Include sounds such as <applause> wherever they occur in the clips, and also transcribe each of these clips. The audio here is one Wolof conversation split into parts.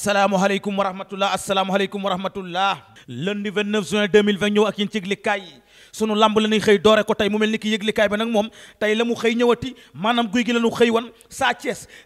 asalaamaaleykum wa rahmatullah asalaamaaleykum wa rahmatullah lundi 29 juin 2020 ñëw ak yéen ci yëglikaay yi sunu lamb la ñuy xëy doore ko tey mu mel ni ki yëglikaay ba nag moom tey la mu xëy ñëwati maanaam guy gi la xëy wan saa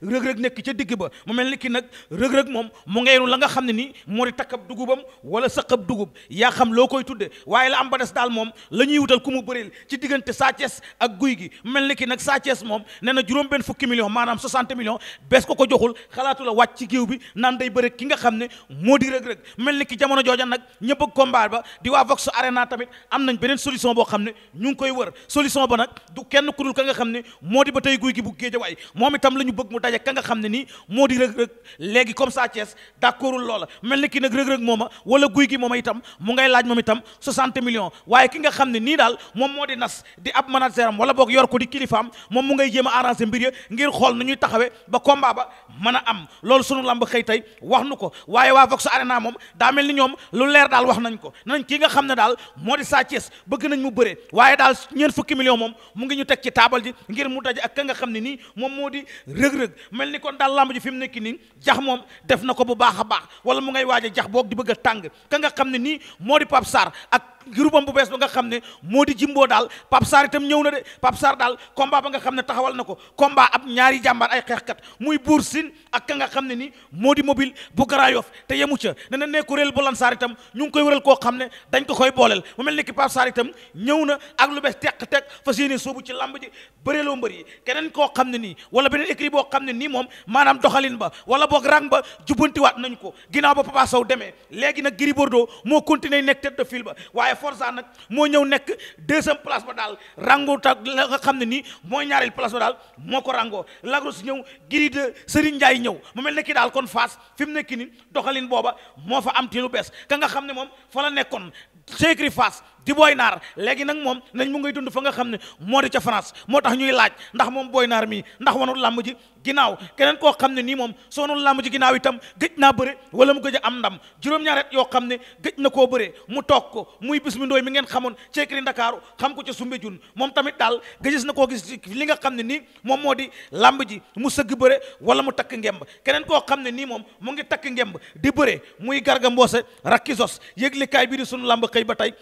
rëg-rëg nekk ca digg ba mu mel ni ki nag rëg-rëg moom mu la nga xam ne nii moo di takkab dugubam wala saqab dugub yaa xam loo koy tudde waaye la am ba des daal moom la ñuy wutal ku mu bëril ci diggante saa ak guy gi mel ni ki nag saa moom nee na juróom benn fukki million maanaam 60 millions bees ko ko joxul xalaatu la wàcc ci géew bi naan day bëre ki nga xam ne moo di rëg-rëg mel ni ki jamono jooja nag ñëpp bëgg combat ba di waa Vox Arena tamit am nañ beneen solution boo xam ne ñu ngi koy wër solution ba nag du kenn ku ka nga xam ne moo di ba tey guy gi bu géejawaay moom itam la ñu bëgg mu daje ka nga xam ne nii moo di rëg-rëg léegi comme ça Thiès d'accordul mel ni ki nag rëg-rëg mooma wala guy gi mooma itam mu ngay laaj moom itam 60 million waaye ki nga xam ne nii daal moom moo di nas di ab manager am wala boog yor ko di kilifaam moom mu ngay jéem a arranger mbir ya ngir xool nu ñuy taxawee ba combat ba mën a am loolu sunu lamb xëy tey wax nu ko waaye waa Vox Arena moom daa mel ni ñoom lu leer daal wax nañ ko nañ ki nga xam ne daal moo di Sa Thiès bëgg nañ mu bëre waaye daal ñeent fukki million moom mu ngi ñu teg ci taabal ji ngir mu daje ak ka nga xam ne nii moom moo di rëg-rëg mel ni kon daal lamb ji fi mu nekk nii jax moom def na ko bu baax a baax wala mu ngay waaj a jax boog di bëgg a tàng ka nga xam ne nii moo di Pape Sarr ak groupam bu bees ba nga xam ne moo di jimbo daal Pape Sarr itam ñëw na de Pape Sarr daal combat ba nga xam ne taxawal na ko combat ab ñaari jàmbar ay xeex kat muy buur sin ak ka nga xam ne ni moo di mobile bu garaayof te yemu ca ne na nekku bu lan Sarr itam ñu ngi koy wëral koo xam ne dañ ko koy booleel mu mel ni ki Pape Sarr itam ñëw na ak lu bees teq teq fas yéene soobu ci lamb ji bëreeloo mbër yi keneen koo xam ne nii wala beneen écrit boo xam ne nii moom maanaam doxalin ba wala boog rang ba jubbantiwaat nañ ko ginnaaw ba Papa Sow demee léegi nag Gris Bordeaux moo continuer nekk tête de file ba waaye waaye Forza nag moo ñëw nekk deuxième place ba daal rango taa la nga xam ne nii mooy ñaareel place ba daal moo ko rango lagros ñëw giri de Serigne ñëw mu mel ne ki daal kon Fass fi mu nekk nii doxalin booba moo fa am ti bees ka nga xam ne moom fa la nekkoon Cheikh Fass di booy naar léegi nag moom nañ mu ngay dund fa nga xam ne moo di ca France moo tax ñuy laaj ndax moom booy naar mii ndax wanul làmb ji ginnaaw keneen koo xam ne nii moom soonul làmb ji ginnaaw itam gëj naa bëre wala mu gëj am ndam juróom yoo xam ne gëj na koo bëre mu toog ko muy bis mi ndooy mi ngeen xamoon ndakaaru xam ko ca Soumbédioune moom tamit daal gëjës na koo gis li nga xam ne nii moom moo di làmb ji mu sëgg bëre wala mu takk ngemb keneen koo xam ne nii moom mu ngi takk ngemb di bëre muy garga mboose rakki sos yëglikaay bi di sunu làmb xëy ba tey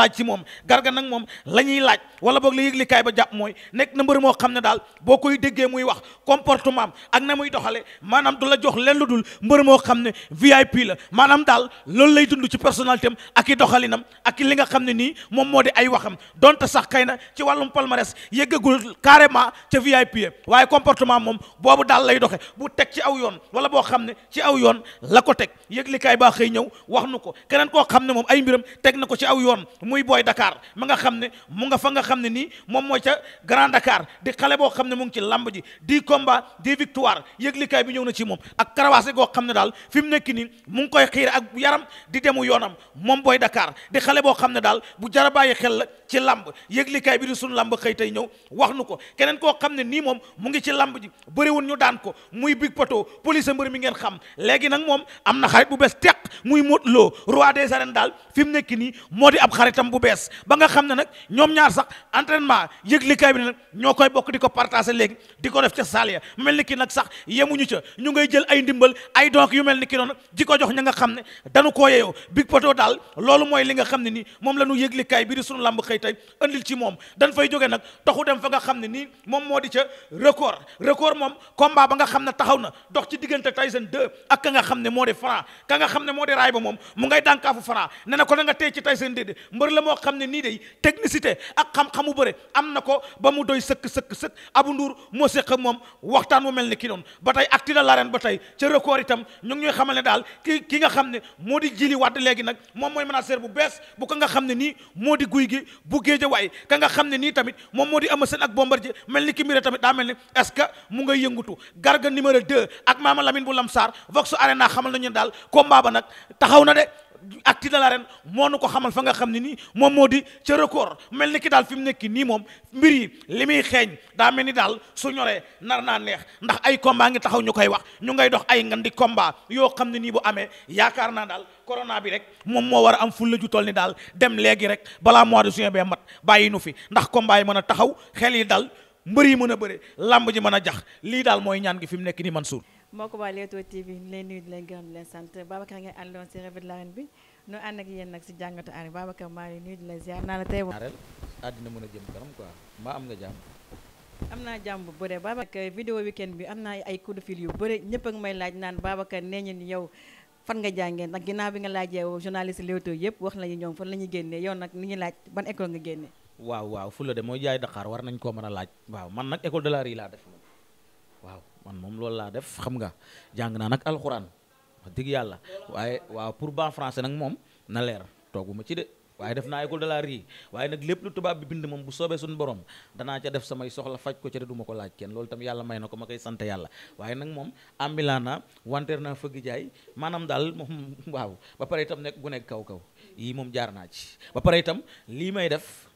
la laaj ci moom garga nag moom la ñuy laaj wala boog la yëglikaay ba jàpp mooy nekk na mbër moo xam ne daal boo koy déggee muy wax comportement ak na muy doxale maanaam du la jox leen lu dul mbër moo xam ne VIP la maanaam daal loolu lay dund ci personnalité am ak i doxalinam ak li nga xam ne nii moom moo di ay waxam donte sax kay na ci wàllum palmarès yëggagul carrément ca VIP waaye comportement moom boobu daal lay doxe bu teg ci aw yoon wala boo xam ne ci aw yoon la ko teg yëglikaay baa xëy ñëw wax nu ko keneen koo xam ne moom ay teg na ko ci aw yoon muy booy Dakar ma nga xam ne mu nga fa nga xam ne nii moom mooy ca Grand Dakar di xale boo xam ne mu ngi ci lamb ji di combat di victoire yëglikaay bi ñëw na ci moom ak karawaase goo xam ne daal fi mu nekk nii mu ngi koy xiir ak yaram di demu yoonam moom booy Dakar di xale boo xam ne daal bu jara bàyyi xel la ci làmb yëglikaay bi di suñu lamb xëy tey ñëw wax nu ko keneen koo xam ne nii moom mu ngi ci lamb ji bëriwul ñu daan ko muy big pato police mbër mi ngeen xam léegi nag moom am na xarit bu bees teq muy Modou loo roi des arènes daal fi mu nekk nii moo di ab xaritam bu bees ba nga xam ne nag ñoom ñaar sax entraînement yëglikaay bi nag ñoo koy bokk di ko partager léegi di ko def ca salle mel ni ki nag sax yemuñu ca ñu ngay jël ay ndimbal ay donc yu mel ni ki noonu di ko jox ña nga xam ne dañu koo yeyoo daal loolu mooy li nga xam ne nii moom la ñu yëglikaay bi di sunu xëy tey andil ci moom dañ fay jóge nag taxu dem fa nga xam ne nii moom moo di ca record record moom combat ba nga xam ne taxaw na dox ci diggante Tyson 2 ak ka nga xam ne moo di Franc ka nga xam ne moo di raay moom mu ngay dànkaafu Franc ne na ko da nga tey ci Tyson 2 mbër la moo xam ne nii day technicité ak xam-xamu bëre am na ko ba mu doy sëkk sëkk sëkk Abou Ndour moo séq moom waxtaan mu mel ni ki ba tey acti la l'arène ba tey ca record itam ñu ngi ñuy xamal ne daal ki nga xam ne moo di jili wàdd léegi nag moom mooy manager bu bees bu ko nga xam ne nii moo di guy gi bu géejawaay ka nga xam ne nii tamit moom moo di Eumeu Sène ak Bombardier mel ni ki tamit daa mel ni est-ce que mu ngay yëngutu Garga numéro 2 ak Mama Lamine bu Lamsar Vox Arena xamal nañu daal combat ba nag taxaw na de ak titre de l'arène moo nu ko xamal fa nga xam ne nii moom moo di ca record mel ni ki daal fi mu nekk nii moom mbir yi li muy xeeñ daa mel ni daal su ñoree nar naa neex ndax ay combat ngi taxaw ñu koy wax ñu ngay dox ay ngan di yoo xam ne nii bu amee yaakaar naa daal corona bi rek moom moo war a am fulla ju toll ni daal dem léegi rek balaa mois de juin bee mat bàyyi nu fi ndax combat yi mën a taxaw xel yi dal mbër yi mën a bëre làmb ji mën a jax lii daal mooy ñaan gi fi mu nekk nii Mansour moo ko waa Leewtoo TV ñu lay nuyu di lay gërëm di lay sant Babacar ngay àndoon si revue de bi ñu ànd ak yéen nag si jàngatu arène Babacar maa ngi di lay ziar naa la tey ñaareel àddina a jëm am nga jàmm am naa jàmm bu bëre Babacar vidéo weekend bi am naa ay coup de fil yu bëre ñëpp ak may laaj naan Babacar nee ñun yow fan nga jàngee ndax ginnaaw bi nga laajee journaliste Leewtoo yëpp wax nañu ñoom fan la ñuy génnee yow nag ni ñu laaj ban école nga génnee waaw waaw fu la de mooy war nañ koo mën a laaj waaw man nag école de la rue laa def waaw man moom loolu laa def xam nga jàng naa nag alxuraan wax dëgg yàlla waaye waaw pour ban français nag moom na leer tooguma ci de waaye def naa école de la ri waaye nag lépp lu tubaab bi bind moom bu soobee suñu borom danaa ca def samay soxla faj ko ca de du ko laaj kenn loolu tam yàlla may na ko ma koy sant yàlla waaye nag moom ambilaana wanteer naa fëgg jaay maanaam daal <laughs> moom waaw ba pare itam nekk gu nekk kaw kaw yii moom jaar naa ci ba pare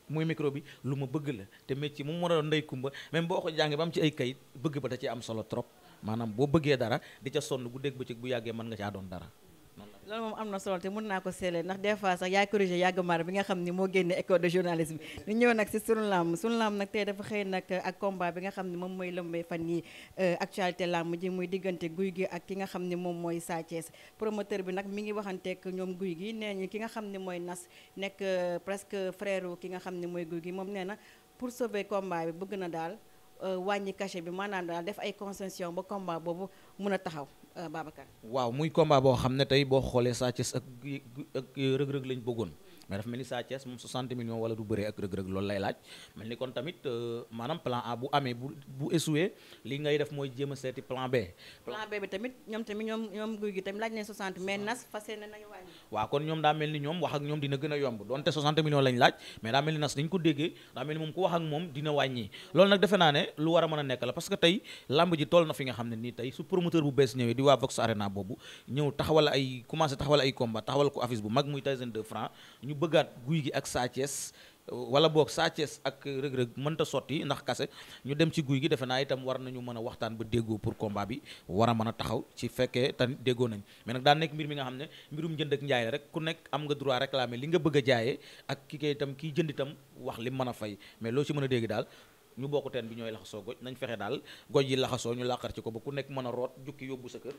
muy micro bi lu ma bëgg la te métier mu ma doon ndey kumba même boo ko jàngee ba am ci ay kayit bëgg ba da ci am solo trop maanaam boo bëggee dara di ca sonn bu dégg bëccëg bu yàggee mën nga caa doon dara loolu moom am na solo te mën naa ko seelee ndax des fois sax yaa corrigé yàgg maar bi nga xam ni moo génne école de journalisme ñu ñëw nag si sunu làmb sunu làmb nag tey dafa xëy nag ak combat bi nga xam ne moom mooy lëmbee fan yi euh, actualité làmb ji muy diggante guy gi ak ki nga xam ne moom mooy Sa promoteur bi nag mi ngi waxanteeg ñoom guy gi nee ñu ki nga xam ne mooy nas nekk euh, presque frère ki nga xam ni mooy guy gi moom nee na pour sauver combat bi bëgg na daal Euh, wàññi cachet bi maanaam daal def ay concession ba combat boobu mun a taxaw euh, Babacar. waaw muy combat boo xam ne tey boo xoolee Sa Thiès ak ak Reug Reug lañ bëggoon. mais dafa mel ni Sa moom 60 millions wala du bëree ak rëg-rëg loolu lay laaj mel ni kon tamit euh, plan A bu amee bu bu li ngay def mooy jéem seeti plan B. plan B bi tamit ñoom tamit mais nas fas kon ñoom daa mel ni ñoom wax ak ñoom dina gën a yomb donte 60 millions lañ laaj mais daa mel ni nas dañ ko déggee daa mel ni moom ku wax ak moom dina wàññi loolu nag defe naa ne lu war a mën a nekk la parce que tey lamb ji toll na fi nga xam ne tey bëggaat guy gi ak Sa Thiès wala boog Sa Thiès ak rëg-rëg mënta sotti ndax kase ñu dem ci guy gi defe naa itam war nañu mën a waxtaan ba déggoo pour combat bi war a mën a taxaw ci fekkee tan déggoo nañ mais nag daan nekk mbir mi nga xam ne mbirum jënd ak njaay rek ku nekk am nga droit réclamer li nga bëgg a jaayee ak ki kay itam kiy jënd itam wax li mën a fay mais loo ci mën a déggi daal ñu bokk teen bi ñooy laxasoo goj nañ fexe daal goj yi laxasoo ñu làqar ci ko ba ku nekk mën a root jukki yóbbu sa kër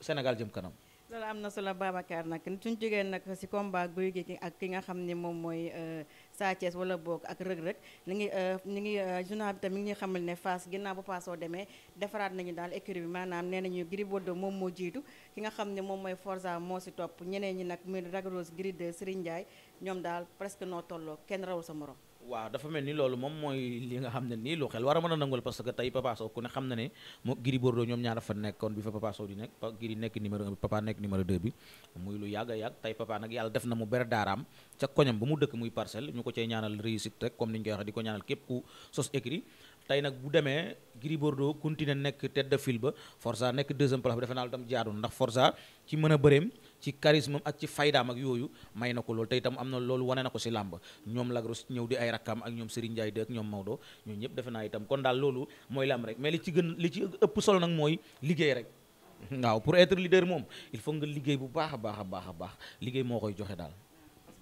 Sénégal jëm kanam loolu am na solo Babacar nag suñ jógee nag si combat Gouye Gui ak ki nga xam ni moom mooy euh, Sa Thiès wala boog ak rëg-rëg ni ngi ni euh, ngi euh, journal bi tam mi ngi xamal ne fas ginnaaw ba Fass soo demee defaraat nañu daal écurie bi maanaam nee nañu Gris Bordeaux moom moo jiitu ki nga xam ne moom mooy Forza moo si topp ñeneen ñi nag muy Ragrose Gris 2 Serigne Ndiaye ñoom daal presque noo tolloo kenn rawul sa morom waaw dafa mel ni loolu moom mooy li nga xam ne nii lu xel war a mën a nangul parce que tey Papa Sow ku ne xam na ne moo Gris Bordeaux ñoom ñaar fa nekkoon bi fa Papa Sow di nekk pa Gris nekk numéro 1 bi Papa nekk muy lu yàgg a yàgg tey Papa nag yàlla def na mu ber daaraam ca koñam ba mu dëkk muy parcelle ñu ko cay ñaanal réussite rek comme ni ñu koy di ko ñaanal képp ku sos écrit tey nag bu demee Gris Bordeaux continué nekk tête de file ba Forza nekk deuxième place bi defe naa lu tam jaadu ci charisme am ak ci faydaam ak yooyu may na ko loolu te itam am na loolu wane na ko si làmb ñoom lagros ñëw di ay rakkaam ak ñoom Serigne Ndiaye de ak ñoom Maodo ñoom ñëpp defe naa itam kon daal loolu mooy làmb rek mais li ci gën li ci ëpp solo nag mooy liggéey rek waaw pour être leader moom il faut liggéey bu baax a baax a baax a baax liggéey moo koy joxe daal.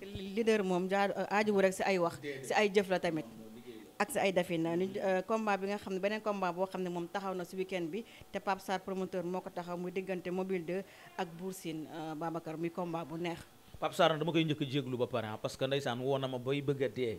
leader moom jaa rek si ay wax si ay jëf la tamit. ak si ay dafin euh, combat bi nga xam ne beneen combat boo xam ne moom taxaw na si weekend bi te Pape Sarr promoteur moo ko taxaw muy diggante mobile 2 ak Bour Sine euh, Babacar muy combat bu neex. Pape Sarr dama koy njëkk jéglu ba pare parce que ndeysaan woo na ma bay bëgg a dee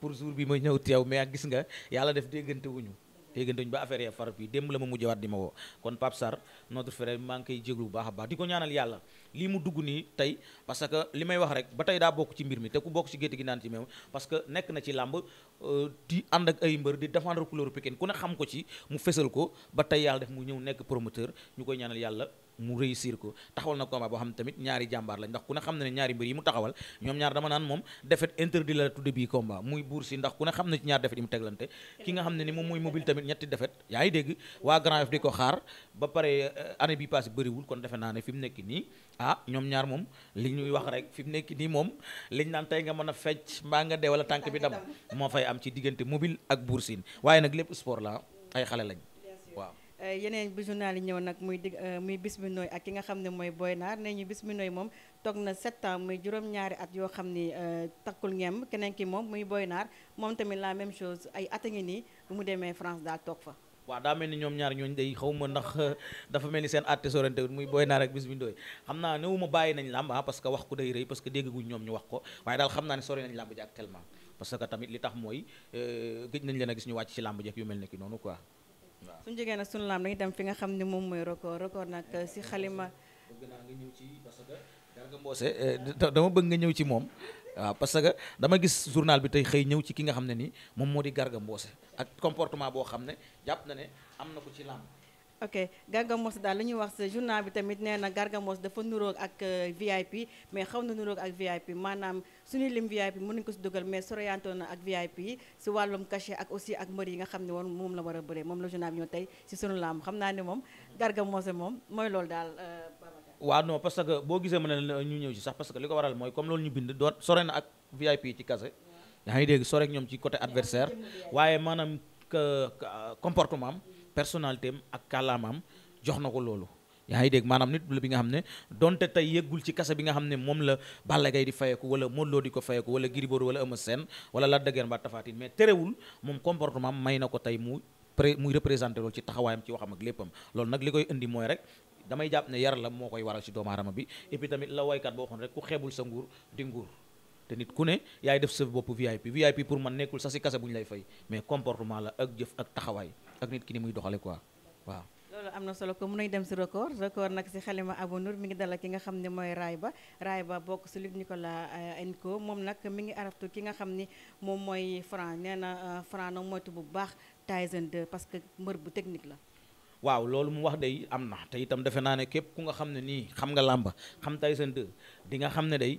pour jour bi ma ñëw teew mais gis nga yàlla def déggantewuñu léegi déggantewuñ ba affaire ya far bi démb la ma mujjee waat di ma woo kon Pape Sarr notre frère maa ngi koy jéglu baax a baax di ko ñaanal yàlla lii mu dugg nii tey parce que li may wax rek ba tey daa bokk ci mbir mi te ku bokk ci gétt gi naan ci meew parce que nekk na ci làmb euh, di ànd ak ay mbër di défendre couleur Pikine ku ne xam ko ci mu fesal ko ba tey yàlla def mu ñëw nekk promoteur ñu koy ñaanal yàlla mu réussir ko taxawal na combat boo xam ne tamit ñaari jàmbaar lañ ndax ku ne xam na ne ñaari mbir yi mu taxawal ñoom ñaar dama naan moom defet interdit la tudde bii combat muy buur si ndax ku ne xam na ci ñaar defet yi mu teglante ki nga xam ne ni moom mooy mobile tamit ñetti defet yaa ngi dégg waa Grand Yoff di ko xaar ba pare euh, année bi passé bariwul kon defe naa ne fi mu nekk nii ah ñoom ñaar moom li ñuy wax rek fi mu nekk nii moom liñ naan tey nga mën a fecc mbaa nga dee tànk bi dam moo fay am ci diggante mobile ak buur siin waaye nag lépp sport la ay xale lañ waaw Euh, yeneen bu journal yi ñëw nag muy dig euh, muy Bismi ak ki nga xam ne mooy Boy Naar nee ñu Bismi moom toog na 7 ans muy juróom-ñaari at yoo xam ni euh, takkul ngeem keneen ki moom muy Boy Naar moom tamit la même chose at a ngi nii mu demee France daal toog fa. waaw daa mel ni ñoom ñaar ñooñu ndax <laughs> dafa mel ni seen àtte sorante wut muy Boy Naar ak Bismi xam naa néew ma bàyyi nañ làmb ah parce que wax ko day rëy parce que déggaguñ ñoom ñu wax ko waaye daal xam naa ne sori nañ làmb ji ak tellement parce que tamit li tax mooy leen a gis ñu wàcc ci làmb ji yu mel ne ki noonu quoi suñu njegee nag sunu laam dañuy dem fi nga xam ne moom mooy record record nag eh, si xalima bëgg naa nga ñëw ci parce que Garga Mbossé eh, dama bëgg nga ñëw ci moom waaw parce que dama gis journal bi tey xëy ñëw ci ki nga xam ne nii moom moo di Garga mboose ak comportement boo xam ne jàpp na ne am na ko ci làmb ok Gargamos daal li ñuy wax sa journal bi tamit nee na Gargamos dafa nuroog ak euh, VIP mais xaw na nuroog ak VIP maanaam suñuy lim VIP mën nañu ko si dugal mais soriantoo na ak VIP si wàllum ak aussi ak mbër yi nga xam ne woon moom la war a bëree moom la journal ñoo tey si sunu laam xam naa ne moom Gargamos moom mooy loolu daal. Euh, waaw non parce que boo gisee ma ne ñu ñëw ci sax parce que li ko waral mooy comme loolu ñu bind doo sore na ak VIP ci kase yaa ngi dégg sore ak ñoom ci côté adversaire waaye maanaam comportement am personnalité am ak kàllaamaam jox na ko loolu yaa ngi dégg maanaam nit la bi nga xam ne donte tey yëggul ci kase bi nga xam ne moom la Balla Gaye di fayeku wala Modou Lo di ko fayeku wala Gris Bordeaux wala Eumeu Sène wala Lac de Guiers mbaa Tapha mais terewul moom comportement may na ko tey mu pré mu représenté loolu ci taxawaayam ci waxam ak léppam loolu nag li koy indi mooy rek damay jàpp ne yar la moo koy waral ci doomu aadama bi et tamit la waykat boo xam ku xeebul sa nguur te nit ku ne yaay def sa bopp VIP pour man nekkul sax si kase bu ñu lay fay mais comportement la ak jëf ak taxawaay ak nit ki ni muy doxale quoi waaw loolu am na solo ko mën nañ dem si record record nag si xalima Abou Nour mi ngi dalal ki nga xam ne mooy Rayba Rayba bokk si Luc Nicolas Enco euh, moom nag mi ngi araftu ki nga xam ni moom mooy Franc nee na euh, Franc na moytu bu baax Tyson 2 parce que mbër bu technique la waaw loolu mu wax day am na te itam defe naa ne képp ku nga xam ne nii xam nga làmba xam Tyson 2 di nga xam ne day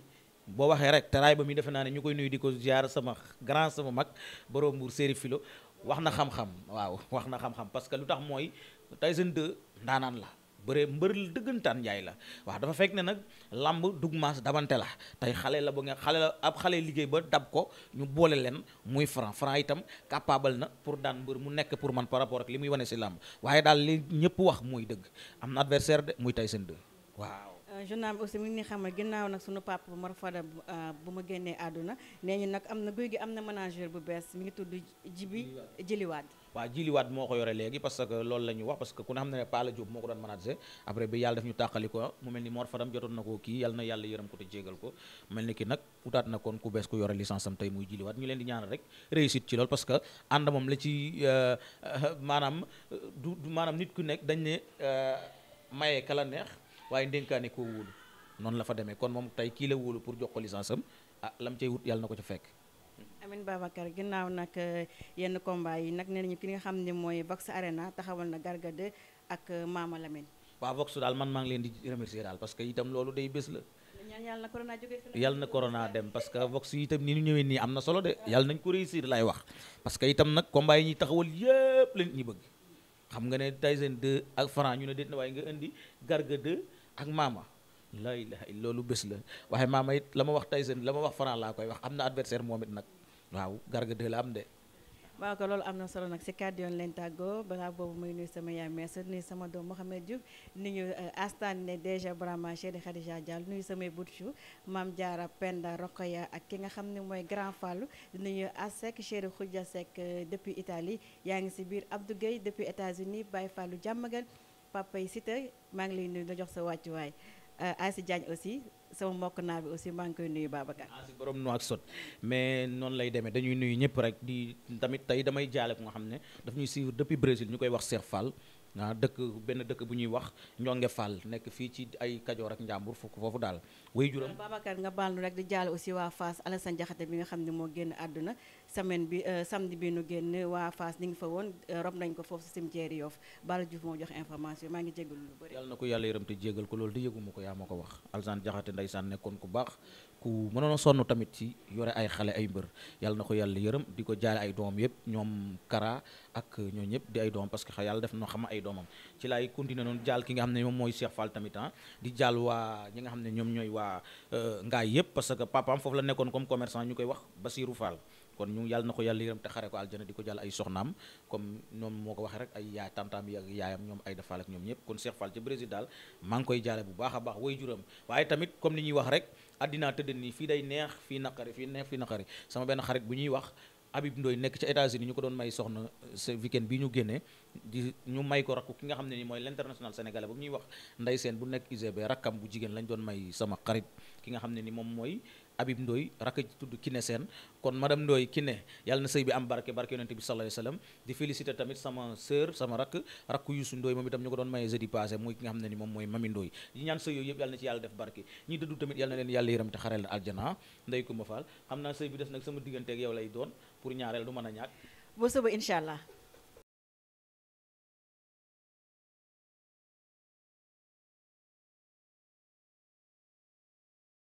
boo waxee rek te ba mi defe naa ne ñu koy nuyu di ko ziar sama grand sama mag borom Mbour séeri filo wax na xam-xam waaw wax na xam-xam parce que lu tax mooy Tyson de ndaanaan la bëree mbër dëggantaan njaay la waaw dafa fekk ne nag làmb dug maas dabante la tey xale la ba nga xale la ab xale liggéey ba dab ko ñu boole leen muy franc franc itam capable na pour daan mbër mu nekk pour man par rapport ak li muy wane si làmb waaye daal li ñëpp wax mooy dëgg am na adversaire de muy Tyson 2 waaw journal bi aussi mi ngi xamal ginnaaw nag sunu papa Mor Fadam ah, bu ma génnee àdduna nee ñu nag am na guy gi am na manager bu bees mu ngi tudd Jibi Jiliwaad. waaw Jiliwaad moo ko yore léegi parce que loolu la ñu wax parce que ku ne xam ne ne Pala Diop moo ko doon manager après bi yàlla def ñu tàqali ko mu mel ni Mor Fadam jotoon na ko kii yàlla na yàlla yërëm ko te jégal ko mel ni nag utaat na kon ku bees ku yore licence am tey muy Jiliwaad ñu leen di ñaanal rek réussite ci loolu parce que ànd euh, euh, maanaam euh, du maanaam nit ku nekk dañ ne maye kala neex. waaye ndénkaane ko wóolu noonu la fa demee kon moom tey kii la wóolu pour jox ko licence am ah lam cay wut yàlla na ko ca fekk. amin Babacar gannaaw nag eh, yenn combat yi nag nee nañu ki nga xam ne mooy Vox Arena taxawal na Garga 2 ak eh, Mama Lamine. waaw Vox daal man maa ngi leen di remercier daal parce que itam loolu day bés la. yàlla na corona na corona dem parce que Vox yi itam ni ñu ñëwee nii am na solo de yàlla nañ ko réussir laay wax parce que itam nag combat yi ñuy taxawal yëpp lañ ñu bëgg xam nga ne Tyson 2 ak Franc ñu ne déet na waaye nga indi Garga ak maama la ilaha loolu bés la waaye maama it la ma wax Tyson la ma wax Franc laa koy wax am na adversaire moom it nag waaw Garga 2 la am de. waaw ko loolu am na solo nag si kàddu yoon leen tàggoo balaa boobu muy nuy sama yaay mees nuyu sama doom Mouhamed Diouf nuyu euh, astaan ne déjà Brahma Chéri Khadija Diallo nuyu samay butchu Mame Diarra Penda Rokhaya ak ki nga xam ne mooy Grand Fallou nuyu Asek Chéri Khoudia Seck euh, depuis Italie yaa ngi si biir Abdou Gueye depuis États-Unis Baye Fallou Diamaguène papa yi Siteu maa ngi lay nuyu la jox sa wàccuwaay euh, Asi Diagne aussi sama mbokk naa bi aussi maa ngi koy nuyu Babacar. Asi borom nu ak sot mais noonu lay demee dañuy nuyu ñëpp rek di tamit tey damay jaale ku nga xam ne daf ñuy suivre depuis Brésil ñu koy wax Cheikh Fall. ah dëkk benn dëkk bu ñuy wax Ndiongue Fall nekk fii ci ay Kajoor ak Njàmbur fukk foofu daal way juram Babacar nga baal nu rek di jaal aussi waa Fass Alassane Diakhaté bi nga xam ne moo génn àdduna semaine bi euh, samedi bi nu génn waa Fass ni ngi fa woon euh, rob nañ ko foofu si cimetière Yoff Bala Diouf moo jox information maa ngi jégalu lu bëri yàlla na ko yàlla yërëm te jégal ko loolu di yëguma ko yaa moo ko wax Alassane Diakhaté ndeysaan nekkoon ku baax ku mënoon a sonn tamit ci yore ay xale ay mbër yàlla na ko yàlla yërëm di ko jaale ay doomam yëpp ñoom kara ak ñooñu ñëpp di ay doomam parce que yàlla def noo xam ay doomam ci laay continuer noonu jaal ki nga xam ne moom mooy Cheikh Fall tamit ah di jaal waa ñi nga xam ne ñoom euh, yëpp la nekkoon comme commerçant ñu koy wax Basirou Fall kon ñu yàlla na ko yàlla yërëm te xare ko aljana di ko jàll ñoom kon Cheikh Fall ci Brésil daal maa ngi koy jaale bu baax a baax way juram waaye tamit comme ni ñuy wax rek addinaa tëdd nii fii day neex fii naqari fii neex fii naqari sama benn xarit bu ñuy wax Habib Ndoy nekk ca États-Unis ñu ko doon may soxna ce euh, weekend bi ñu génne di ñu may ko rakku ki nga xam ne ni mooy l'international sénégalais bu ñuy wax nday seen bu nekk UGB rakkam bu jigéen lañ doon may sama xarit ki nga xam ne ni moom mooy Habib Ndoy rakk ji tudd Kiné Sène kon madame Ndoy am barke barke yonente sama sœur sama rakk rakku Youssou moom itam ko doon maye jeudi passé muy moom mooy Mami Ndoy di ñaan sëy yooyu yëpp yàlla na ci yàlla def barke ñi dëddu tamit yàlla leen yàlla yërëm xareel aljana nday ko xam naa sëy bi des nag sama diggante ak lay doon pour ñaareel du mën a ñaak ba suba incha